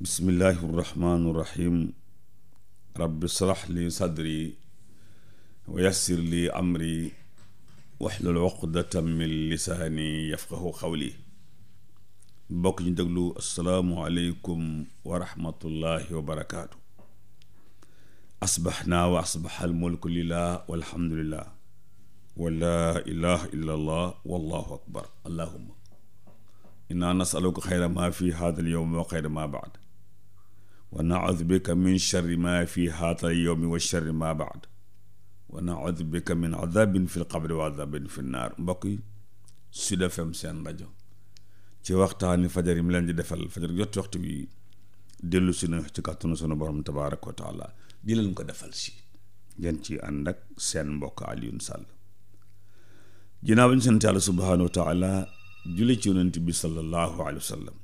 bismillahi irrahmani irrahim rabbi srax li sadri wa yassir li amri waxlul uqdatan min lisaani yafqahu xawli bokk ñu déglu asalaamu aleykum wa rahmatullahi wa barakaatu asbaxnaa wa asbaxa almulku lillah walhamdulillah wa laa ilaha illa allah wallahu akbar allahuma inna nasaluka xayra ma fi hada alyowm wa xayra ma baad wa naudu bika min sharri ma fi haatal yowmi wa sharri wa naudu bika min adabin fi lqabri wa adabin fi nnaar mbokk yi Sud FM seen rajo ci waxtaani fajar yi mu leen di defal fajar jot waxtu bi dellu si na ci kàttanu sunu borom tabaaraka wa taala di leen ko defal si ngeen ci ànd ak seen mbokk Alioune Sall ginnaaw ba ñu sant yàlla subhaanahu wa taala julli ci yonent bi sallallahu alayhi wa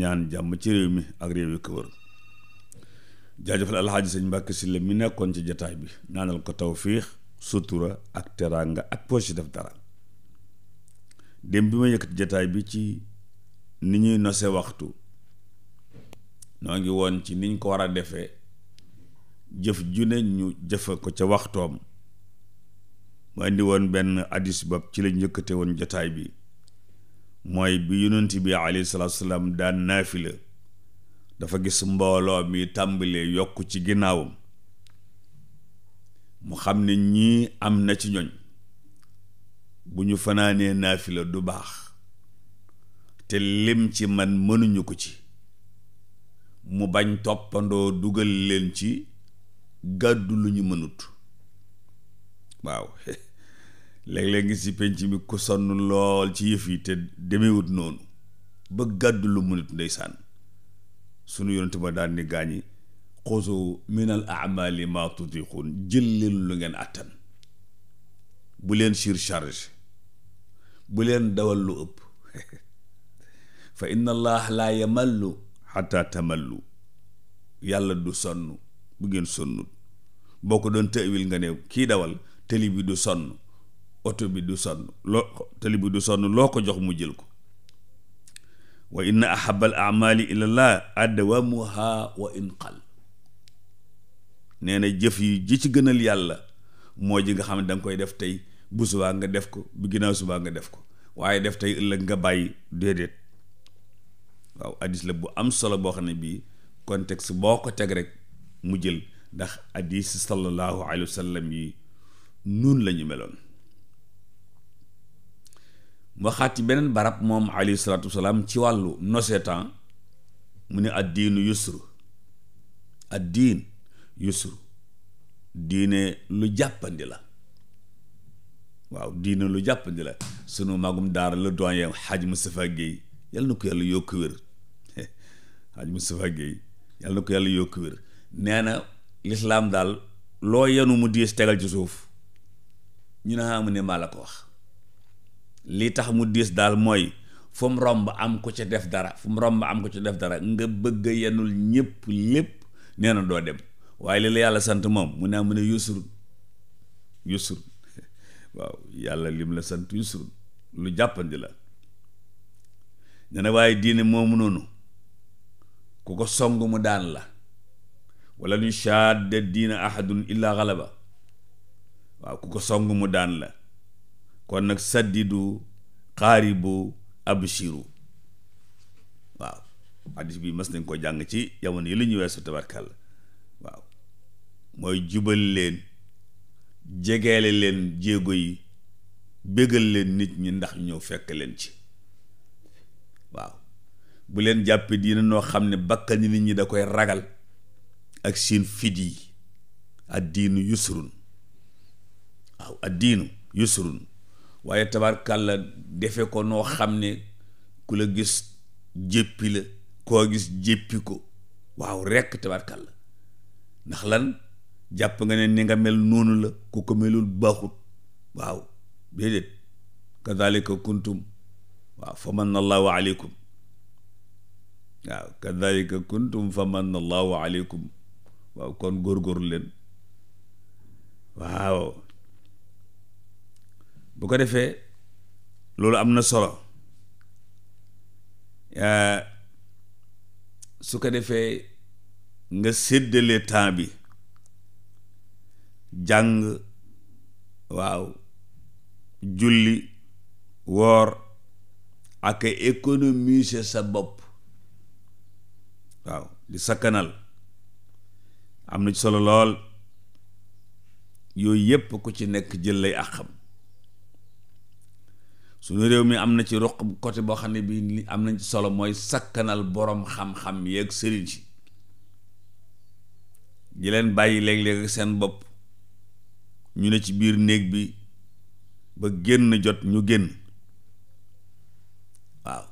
ñaan jàmm ci réew mi ak jaajëfal alxaaji sëñ Mbàkke Sylla mi nekkoon ci jataay bi ñaanal ko tawfiix sutura ak teraanga ak poche def dara dem bi ma yëkkati jataay bi ci ni ñuy nose waxtu noo ngi woon ci niñ ko war a defee jëf june ñu jëfe ko ca waxtoom ma indi woon benn addis bab ci la njëkkate woon jataay bi mooy bi yonent bi alayhi salaam daan naafila dafa gis mbooloo mi tàmbalee yokk ci ginnaawam mu xam ne ñii am na ci ñoñ bu ñu fanaanee naafila du baax te lim ci man mënuñu ko ci mu bañ toppandoo dugal leen ci gàddu lu ñu mënut waaw léeg-léeg ngi si penc mi ku sonn lool ci yëf yi te demewut noonu ba gàddu lu mënut ndeysaan sunu yonent ba daal ni gaañi xuzu min al amali ma tutixuun jël leen lu ngeen àttan bu leen surcharge bu leen dawal lu ëpp fa inna allah laa yamallu xataa tamallu yàlla du sonn bu ngeen sonnut boo ko doon tëwil nga ne kii dawal tëli bi du sonn oto bi du sonn loo tëli bi du sonn loo ko jox mu jël ko wa inna ahabal wa in qal nee na jëf yi ji ci gënal yàlla moo ji nga xam ne koy def tey bu nga def ko bu ginnaaw subaa nga def ko waaye def tey ëllëg nga bàyyi déedéet waaw addis la bu am solo boo xam ne bii contexte boo ko teg rek mu jël ndax addis sallallahu alayhi wa yi nun lañu meloon mu waxaat ci beneen barab moom alayhi salaatu ci wàllu nosetan mu ne ad diinu yusru ad diin yusru diine lu jàppandi la waaw diine lu jàppandi la sunu magum daar la doyen xaj Moustapha Guèye yàlla na ko yàlla yokk wér xaj Moustapha Guèye yàlla na ko yàlla yokk wér nee na lislaam daal loo yenu mu diis tegal ci suuf ñu ne ah, mu ne maa la ko wax li tax mu diis daal mooy fu mu romb am ku ci def dara fu mu romb am ku ci def dara nga bëgg a yenul ñëpp lépp nee na doo dem waaye li la yàlla sant moom mu ne mu ne yusur yusur waaw yàlla lim la sant yusur lu jàppandi la ne waaye diine moomu noonu ku ko song mu daan la wala nu shaadda diina ahadun illa galaba waaw ku ko song mu daan la kon nag saddidu xaaribu abshiru waaw hadis bi mas nañ ko jàng ci jamono yi li ñuy weesu tabarkàlla waaw mooy jubal leen jegeele leen jéego yi bégal leen nit ñi ndax ñëw fekk leen ci waaw bu leen jàppee dina noo xam ne bakkan nit ñi da koy ragal ak siin fit yi ad diinu yusrun waaw ad diinu waaye la defe ko noo xam ne ku la gis jéppi la koo gis jéppi ko waaw rekk tabarkàlla ndax lan jàpp nga ne ni nga mel noonu la ku ko melul baaxut waaw déedéet kadalika kuntum waaw fa manna allahu aleykum waaw kadalika kuntum fa manna allahu aleykum waaw kon góor leen waaw bu ko defee loolu am na solo euh, su ko defee nga séddale temps bi jàng waaw julli woor ak économiser sa bopp waaw di sakkanal am na solo lool yooyu yépp ku ci nekk jël lay àqam suñu réew mi am na ci ruq côté boo xam ne bii li am nañ ci solo mooy sakkanal boroom xam-xam yeeg sëriñ si di leen bàyyi léeg-léeg seen bopp ñu ne ci biir néeg bi ba génn jot ñu génn waaw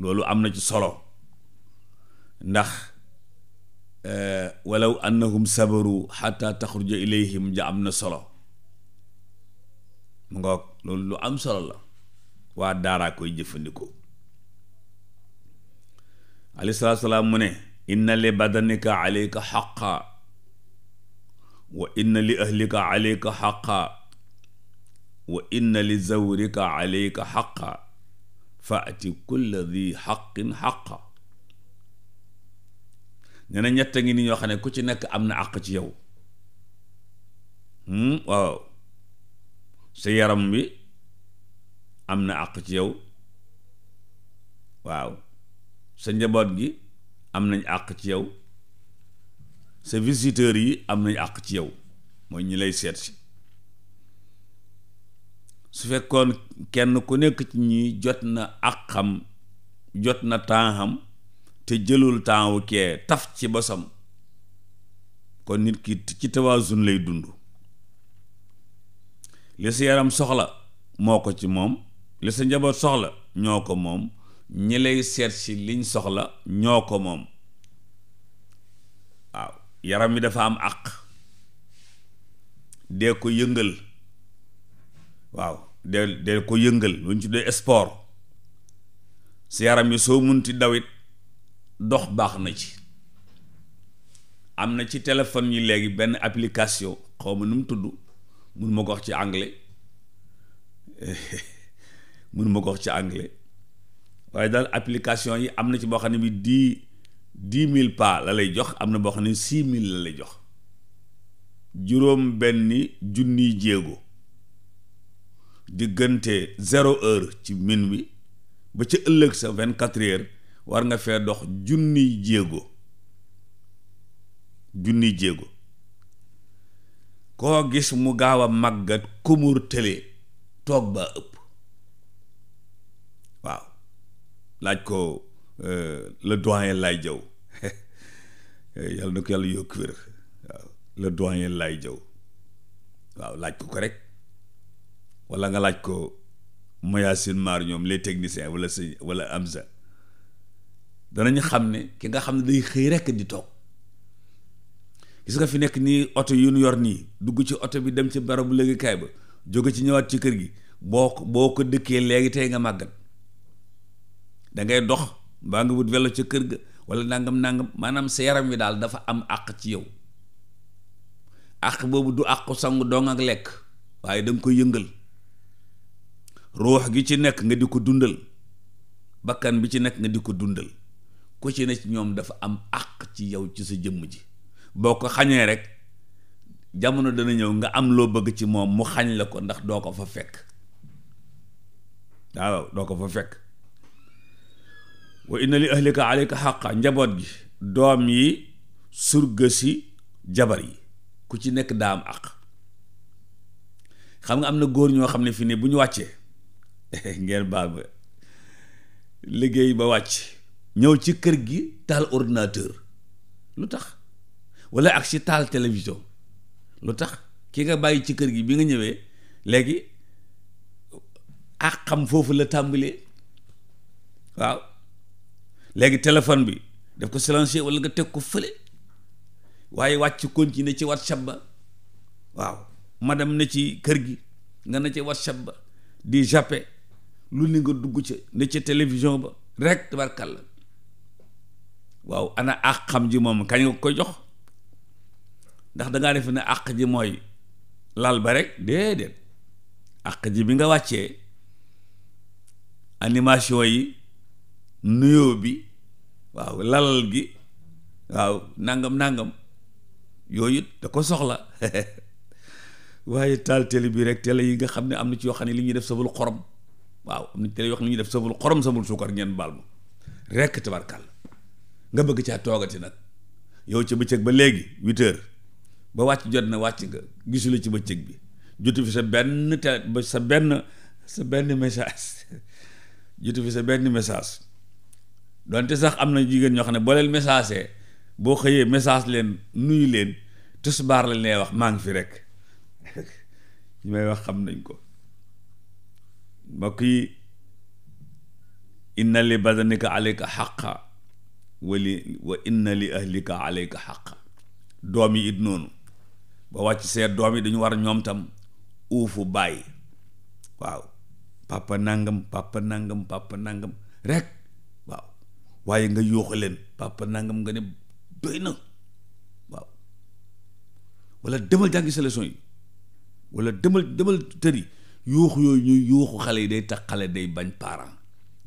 loolu am na ci solo ndax eh, walla na annahum sabaru xata taxruja ilayhim ja am na solo mu ngoog loolu lu am solo la waa daaraa koy jëfandikoo alayhi salaatu salaam mu ne inna li badanika alayka xaqa wa inna li ahlika alayka xaqa wa li zawrika alayka xaqa faati kulla di xaqin xaqa nee na ñett a ni ñoo xam ne ku ci nekk am na àq ci yow hmm? sa yaram bi am na àq ci yow waaw sa njaboot gi am nañ àq ci yow sa visiteurs yi am nañ àq ci yow mooy ñi lay seet si su fekkoon kenn ku nekk ci ñi jot na àqam jot na taaxam te jëlul taaxu kee taf ci bosam kon nit ki ci tawaasun lay dund li sa yaram soxla moo ko ci moom li sa njaboot soxla ñoo ko moom ñi lay seet si liñ soxla ñoo ko moom waaw yaram wi dafa am àq dee ko yëngal waaw dee dee ko yëngal lu ñu tuddee sport sa yaram wi soo munti dawit dox baax na ci am na ci téléphone yi léegi benn application xaw ma nu mu tudd mun ma ko wax ci anglais mun ma ko ci anglais waaye daal application yi am na ci boo xam ne bi dix dix mille pas la lay jox am na boo xam ne six mille la lay jox juróom benn junni jéego diggante zéro heure ci minuit ba ca ëllëg sa vingt quatre heures war nga fee dox junni jéego junniy jéego koo gis mu gaaw a màggat kumur tële toog baa ëpp waaw laaj ko euh, le doyen lay jaw yàlla na ko yàlla yokk wér waaw le doyen lay jaw waaw laaj ko ko rek wala nga laaj ko Mayacine Mar ñoom les techniciens wala sëñ wala Amza danañ xam ne ki nga xam ne day xëy rekk di toog gis nga fi nekk nii oto yu ñu yor nii dugg ci oto bi dem ci barabu liggéeykaay ba jóge ci ñëwaat ci kër gi boo ko boo ko dëkkee léegi tey nga màggat dangay dox mbaa nga wut vélo ca kër ga wala nangam nangam maanaam sa yaram wi daal dafa am àq ci yow àq boobu du àqu sangu dong ak lekk waaye danga nga koy yëngal ruux gi ci nekk nga di ko dundal bakkan bi ci nekk nga di ko dundal ku ci ci ñoom dafa am àq ci yow ci sa jëmm ji boo ko xañee rek jamono dana ñëw nga am loo bëgg ci moom mu xañ la ko ndax doo ko fa fekk waaw doo ko fa fekk wa inna li ahlika alayka xaqa njaboot gi doom yi surga si jabar yi ku ci nekk daa am àq xam nga am na góor ñoo xam ne fi ne bu ñu wàccee ngeen baal ba liggéey ba wàcc ñëw ci kër gi taal ordinateur lu tax wala ak si taal télévision lu tax ki nga bàyyi ci kër gi bi nga ñëwee léegi ak xam foofu la tàmbalee waaw léegi téléphone bi def ko silencieux wala nga teg ko fële waaye wàcc continuer ci whatsapp ba waaw ma dem ne ci kër gi nga ne ci whatsapp ba di jàppe lu ni nga dugg ca ne ci télévision ba rek tabarkàlla waaw ana ak xam ji moom kañ nga ko jox ndax dangaa def na àq ji mooy lal ba rek déedéet àq ji bi nga wàccee animation yi nuyoo bi waaw lal gi waaw nangam nangam yooyu da ko soxla waaye taal télé bi rek télé yi nga xam ne am na ci yoo xam ne li ñuy def sabul xorom waaw am na télé yoo xam li ñuy def sabul xorom sabul suukar ngeen baal ma rek tabarkal nga bëgg caa toogati nag yow ci bëccëg ba léegi huit ba wàcc jot na wàcc nga gisu la ci bëccëg bi jotu fi sa benn télé sa benn sa benn message jotu fi sa benn message donte sax am na jigéen ñoo xam ne boo message boo xëyee message leen nuyu leen baar lañ lay wax maa ngi fi rek ñi may wax xam nañ ko mbokk yi inna li badanika alayka xaqa wali li ahlika alayka xaqa doom yi it noonu ba wàcc see doom yi dañu war ñoom tam uufu bàyyi waaw papa nangam papa nangam pàppa nangam rek waaw waaye nga yooxa leen papa nangam nga ne doy na waaw wala demal jàngi sa yi wala demal demal tëri yuuxu yooyu ñuy yuuxu xale yi day tax xale day bañ parent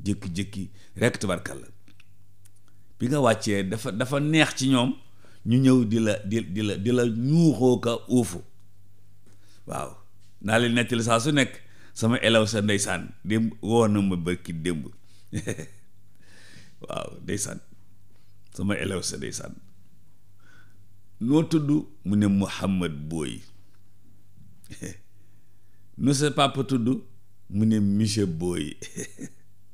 jékki-jékki rek tabarkalla bi nga wàccee dafa dafa neex ci ñoom ñu ñëw di la di di la di la ñuuxoo ka uufu waaw naa leen nettali saa su nekk sama elew sa ndeysaan démb woo ma bëkki démb waaw ndeysaan sama elew sa ndeysaan noo tudd mu ne Muhammad Booy nu sa papa tudd mu ne monsieur Booy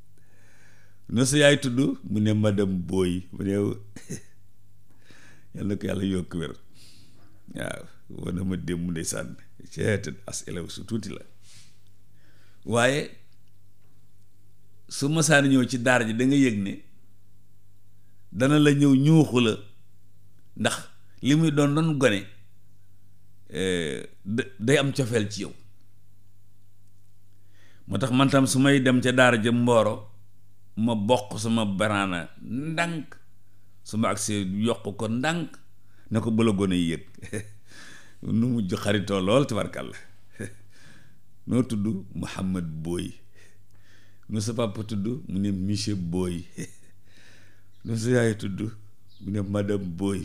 nu sa yaay tudd mu ne madame Booy mu ne yàlla ko yàlla yokk wér waaw wana ma démb ndeysaan ceetet as elew su tuuti la waaye su masaan ñëw ci daar ji da nga yëg ne dana la ñëw ñuuxu la ndax li muy doon doon gone eh, day am cofeel ci yow moo tax man tam su may dem ca daara ja mbooro ma bokk sama banaana ndànk su ma agsee yokk ko ndànk ne ko bëla gone yëg nu mujj xaritoo lool tabarkàlla noo tudd Mouhamad booy nu sa papa tudd mu ne monsieur Boy nu sa yaay tudd mu ne madame Boy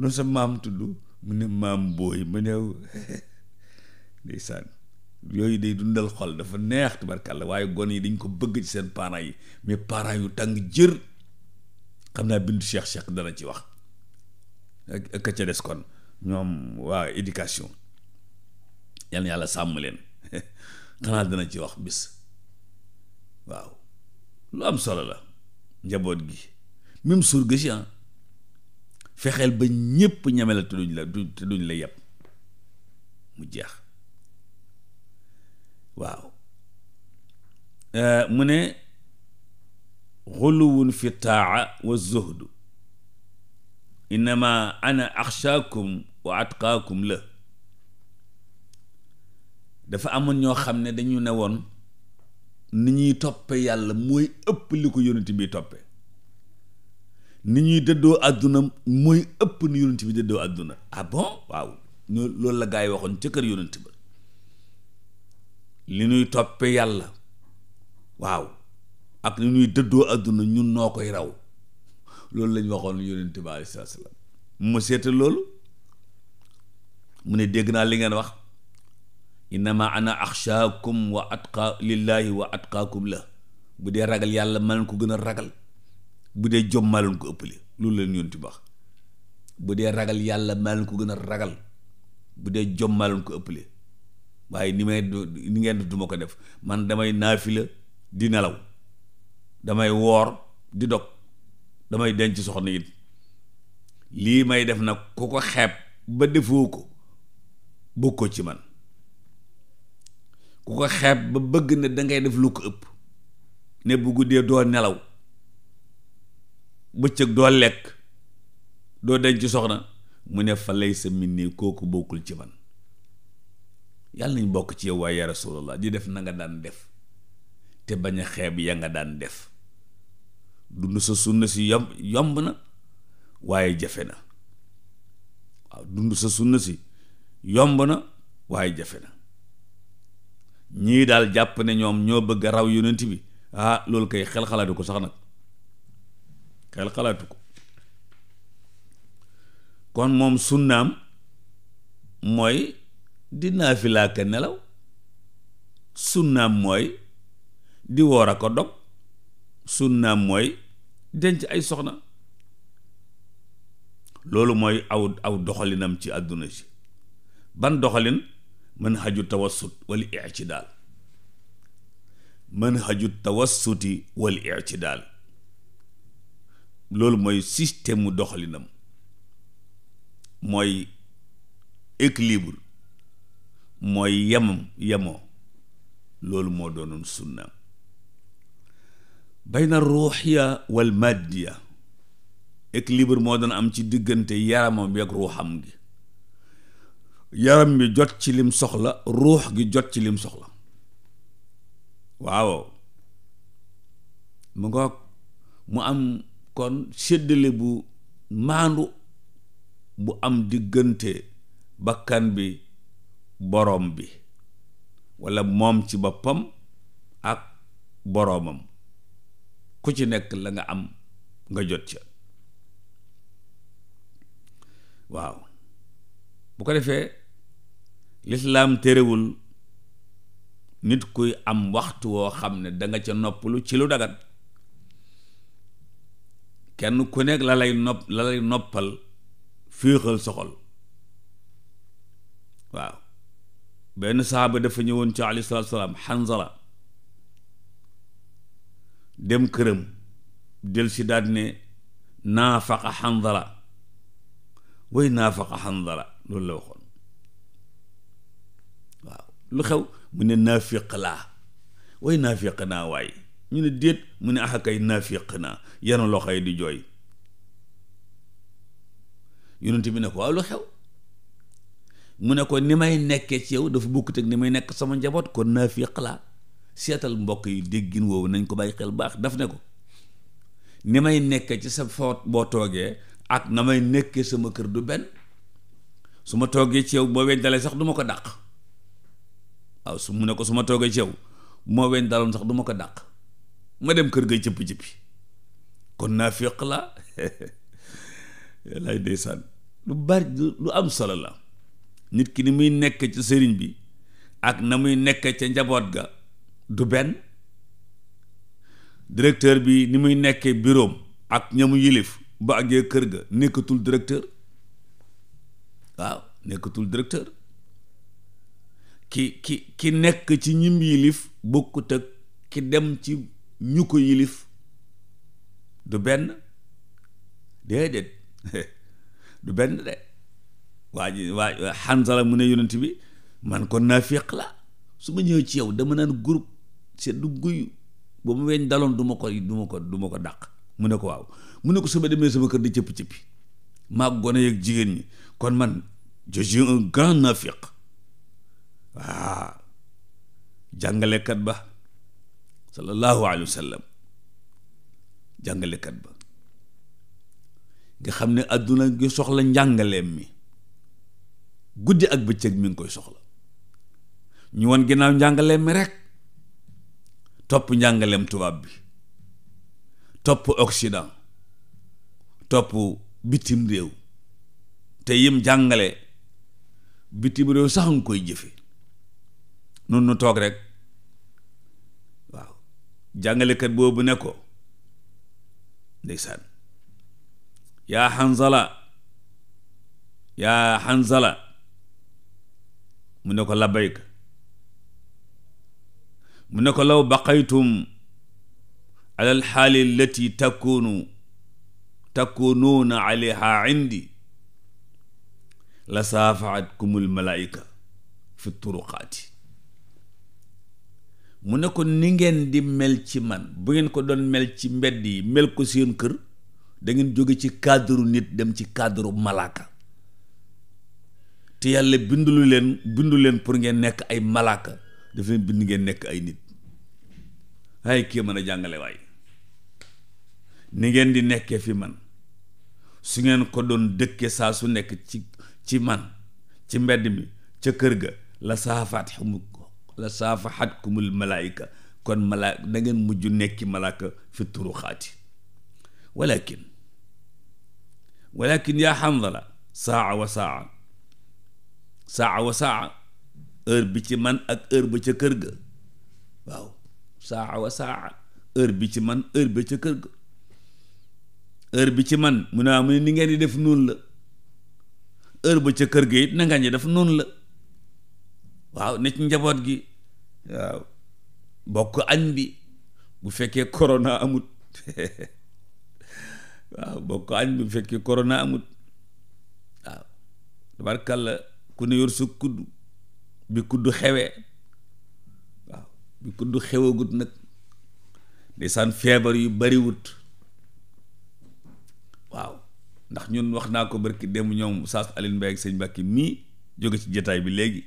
nu sa maam tudd mu ne maam Boy mu ne ndeysaan yooyu day dundal xol dafa neex tabarkàlla waaye gone yi dañ ko bëgg ci seen parents yi mais parents yu tàng jër xam naa bindu Cheikh Cheikh dana ci wax ak ca des kon ñoom waa éducation yan yàlla sàmm leen xanaa dana ci wax bis waaw lu am solo la njaboot gi même suur gi si ah. fexeel ba ñépp ñeme la te duñ la du la yàpp mu jeex waaw euh, mu ne xuluwun fi taaca wa zuhdu innama ana axshaakum wa atqaakum la dafa amoon ñoo xam ne dañu ne woon ni ñuy toppe yàlla mooy ëpp li ko yonent bi toppe ni ñuy dëddoo àdduna mooy ëpp ni yonent bi dëddoo àdduna ah bon waaw loolu la gaa yi waxoon ca kër yonent ba li nuy toppe yàlla waaw ak lu ñuy dëddoo àdduna ñun noo koy raw loolu lañ waxoon yonent bi aleyhi salaatu salaam mu seeta loolu mu ne dégg naa li ngeen wax innama ana axshaakum wa atqa lillahi wa atqaakum la bu dee ragal yàlla ma leen ko gën a ragal bu dee jom maa leen ko ëppale loolu leen yonent bi wax bu dee ragal yàlla maa ko gën a ragal bu dee jom maa leen ko waaye ni may ni ngeen def duma ko def man damay naafila di nelaw damay woor di dog damay denc soxna it lii may def na ku ko xeeb ba defoo ko bokkoo ci man ku ko xeeb ba bëgg na dangay def lu ko ëpp ne bu guddee doo nelaw bëccëg doo lekk doo denc soxna mu ne fa lay sa min kooku bokkul ci man yàlla nañ bokk ci yow waaye ya rasulallah di def na nga daan def te bañ a xeeb ya nga daan def dund sa sunna si yomb yomb na waaye jafe na waaw dund sa sunna si yomb na waaye jafe na ñii daal jàpp ne ñoom ñoo bëgg raw yonent bi ah loolu kay xel xalaatu ko sax nag xel xalaatu ko kon moom sunnaam mooy di naafila ak nelaw sunnaam mooy di woor a dog sunnaam mooy denc ay soxna loolu mooy aw aw doxalinam ci àdduna si ban doxalin mën xaju tawassut wal i'tidaal mën xaju tawassuti ci daal loolu mooy système mu doxalinam mooy équilibre mooy yemam yemoo loolu moo doonoon sunnaam bayna ruuxiya wal maddiya équilibre moo doon am ci diggante yaramam bi ak ruuxam gi yaram bi jot ci lim soxla ruux gi jot ci lim soxla waaw mu ngoog mu am kon séddale bu maandu bu am diggante bakkan bi boroom bi walla moom ci boppam ak boroomam ku ci nekk la nga am nga jot ca waaw bu ko defee lislaam téerewul nit kuy am waxtu woo xam ne danga ca noppalu ci lu dagat kenn ku nekk la lay nopp la lay noppal féexal soxol waaw benn saxaaba dafa ñëwoon ci alayhi salaatu salaam Hanzala dem këram del si daat ne naafaqa xandala way naafaqa xandala loolu la waxoon waaw lu xew mu ne naafiq laa way naafiq naa waay ñu ne déet mu ne ax ah akay naafiq naa yanu loxo yi di jooy yonent bi ne ko waaw lu xew mu ne ko ni may nekkee ci yow dafa bukk ak ni may nekk sama njaboot kon naafiq laa seetal mbokk yi déggin woowu nañ ko bàyyi xel baax daf ne ko ni may nekk ci sa foot boo toogee ak na may nekkee sama kër du benn su ma toogee ci yow boo weñ dalee sax du ko dàq waaw su mu ne ko su ma toogee ci moo weñ daloon sax du ma ko dàq ma dem kër ga jëpp cëppi kon naa féq la lay ndeysaan lu bari lu am solo la nit ki ni muy nekk ci sëriñ bi ak na muy nekk ca njaboot ga du benn directeur bi ni muy nekkee bureau ak ñamu yilif ba àggee kër ga nekkatul directeur waaw nekkatul directeur ki ki ki nekk ci ñim yilif bokkut ak ki dem ci ñu ko yilif du benn déedéet du benn de waa ji waa Hanzala mu ne yonent bi man kon naafiq la su ma ñëwee ci yow dama naan group seddu guy ba mu weñ daloon duma ma ko du ko duma ko dàq mu ne ko waaw mu ne ko suba demee sama kër di cëpp-cëppi maag gone yeeg jigéen ñi kon man je suis un grand nafiq waaw jàngalekat ba sallallahu alayhi wa jàngalekat ba nga xam ne àdduna ngi soxla njàngaleem mi guddi ak bëccëg mi ngi koy soxla ñu won ginnaaw njàngaleem mi rek topp njàngalem tubaab bi topp Occident topp bitim réew te yim jàngale bitim réew sax nga koy jëfe nun nu toog rek waaw jàngalekat boobu ne ko ndeysaan yaa Hanzala yaa Hanzala mu ne ko labayka mu ne ko law baqaytum alal xaali allati takunu takunuuna aleyha indi la saafaatkumul malaayika fi turuqaati mu ne ko ni ngeen di mel ci man bu ngeen ko doon mel ci mbedd yi mel ko seen kër dangeen jóge ci cadre nit dem ci cadre malaaka te yàlla bindulu leen pour ngeen nekk ay malaaka daf leen bind ngeen nekk ay nit ay kii mën a jàngale waay ni ngeen di nekkee fi man su ngeen ko doon dëkke saa su nekk ci man ci mbedd mi ca kër ga la saafaat xumul la saafaxat kumul malaayika kon malaa da ngeen nekki malaaka fi turuxaati walakin walakin yaa xandala saa wa saa saa wa saa bi ci man ak heure ba ca kër ga waaw saa wa saa heure bi ci man heure bi ca kër ga heure bi ci man mu ne waaw ni ngeen di def noonu la heure ba ca kër ga it na ñi def noonu la waaw ne ci njaboot gi waaw bokk añ bi bu fekkee corona amut waaw bokk añ bi bu fekkee corona amut waaw tabarkàlla ku ne yor sa kudd bi kudd xewee bi kudd xewagut nag ndeysaan feebar yu bariwut waaw ndax ñun wax naa ko barki dem ñoom saas Alioune Mbaye ak sëñ Mbàkke mii jóge ci jataay bi léegi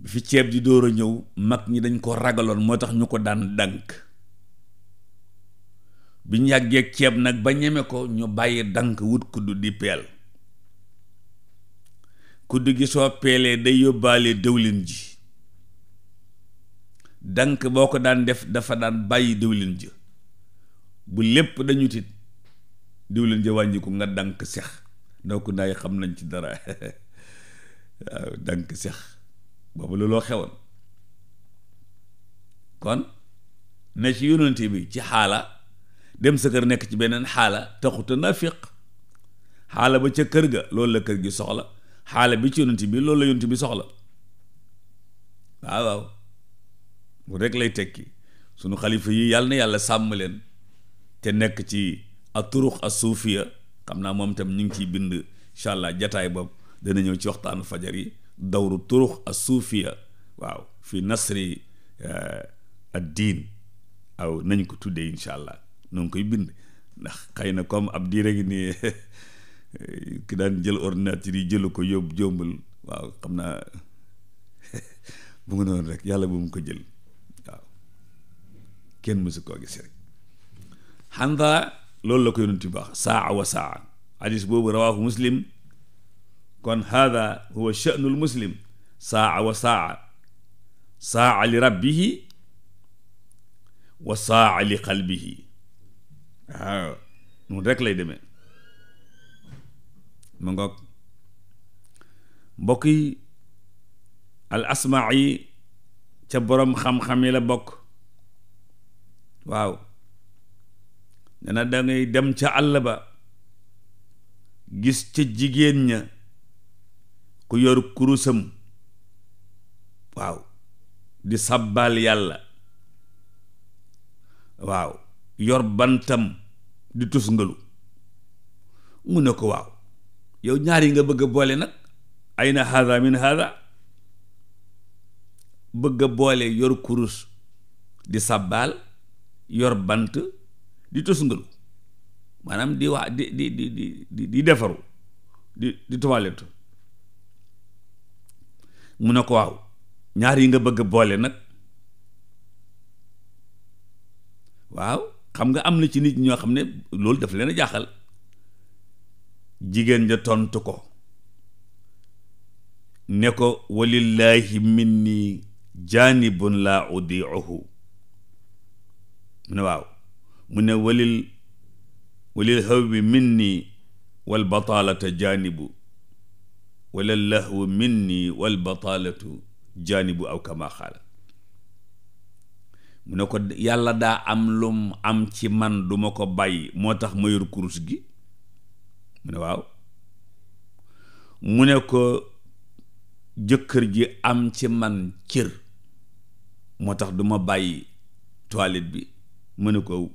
bi fi ceeb di dóor a ñëw mag ñi dañ ko ragaloon moo tax ñu ko daan dànk bi ñu yàggee ceeb nag ba ñeme ko ñu bàyyi dànk wut kudd di peel kudd gi soo peelee day yóbbaale dëwlin ji dank boo ko daan def dafa daan bàyyi diwlin jë bu lépp dañu tit diwlin jë wàñjiku nga dank sex donc ndaay xam nañ ci dara waaw dank sex boobu loo xewoon kon ne ci yonent bi ci xaala dem sa kër nekk ci beneen xaala taxuta naafiq xaala ba ca kër ga loolu la kër gi soxla xaala bi ci yonent bi loolu la yonent bi soxla waaw waaw bu rek lay tekki sunu xalifa yi yàlla na yàlla sàmm leen te nekk ci a aturux asuufiya xam naa moom tam ñu ngi ciy bind incha allah jataay boobu dana ñëw ci waxtaanu fajar yi dawru turux asuufiya waaw fi nasri eh, ad diin aw nañ ko tuddee incha allah noo koy bind ndax xëy na comme ab diire gi nii ki daan jël ordinateur yi jëlu ko yóbbu jómbal waaw xam naa bu nga noonu rek yàlla bu mu ko jël kenn mësu koo gis rek xandara loolu la ko yonent bi wax saa wa saa hadis boobu rawaahu muslim kon hada huwa sha'nul muslim saa wa saa saa li wa saa li qalbihi waaw noonu rek lay demee mu ngoog yi al ca boroom xam-xam yi la bokk waaw dana na dangay dem ca àll ba gis ca jigéen ña ku yor kurusam waaw di sàbbaal yàlla waaw yor bantam di tusngalu mu ne ko waaw yow ñaar yi nga bëgg boole nag ay na haada min haada bëgg boole yor kurus di sabbaal yor bant di tosungalu maanaam di wax di di di di defaru di di toilette mu ne ko waaw ñaar yi nga bëgg boole nag waaw xam nga am na ci nit ñoo xam ne loolu daf leen a jaaxal jigéen ja tontu ko ne ko walillaahi minni jaanibun laa udiuhu mu ne waaw mu ne walil walil bi minni wal bataalata jaanibu walil lahwu minni wal bataalatu jaanibu aw kama xaala mu ne ko yàlla daa am lum am ci man duma ko bàyyi moo tax ma yor kurus gi mu ne waaw mu ne ko jëkkër ji am ci man cër moo tax duma bàyyi toilette bi mu ne ko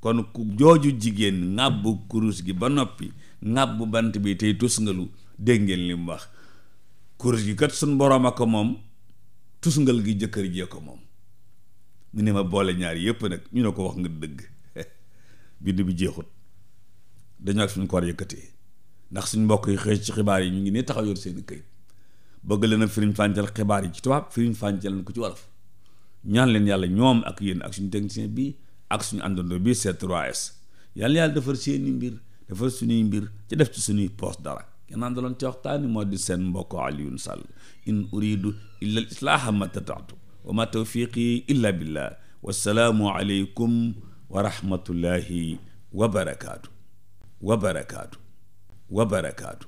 kon ku jooju jigéen ŋàbbu kurus gi ba noppi ŋàbbu bant bi tey tusngalu dégg ngeen li mu wax kurus gi kat suñ boroom a ko moom tusngal gi jëkkër jee ko moom mu ne ma boole ñaar yëpp nag ñu ne ko wax nga dëgg bind bi jeexut dañoo ak suñ ko war yëkkatee ndax suñ mbokk yi xëy ci xibaar yi ñu ngi ne taxaw yor seen këyit bëgg leen a firiñ fàncal xibaar yi ci tubaab firiñ fàncal ko ci wolof ñaan leen yàlla ñoom ak yéen ak suñu technicien bi ak suñu àndandoo bi c 3 yàlla yàlla defar seeni mbir defar suñuy mbir ci def ci suñuy poste dara kenn àndaloon ci waxtaani moo di seen mbokk Alioune sal in uridu illa al islaaha ma tataatu wa ma tawfiqi illa billah wassalaamu aleykum wa rahmatullahi wa barakaatu wa barakaatu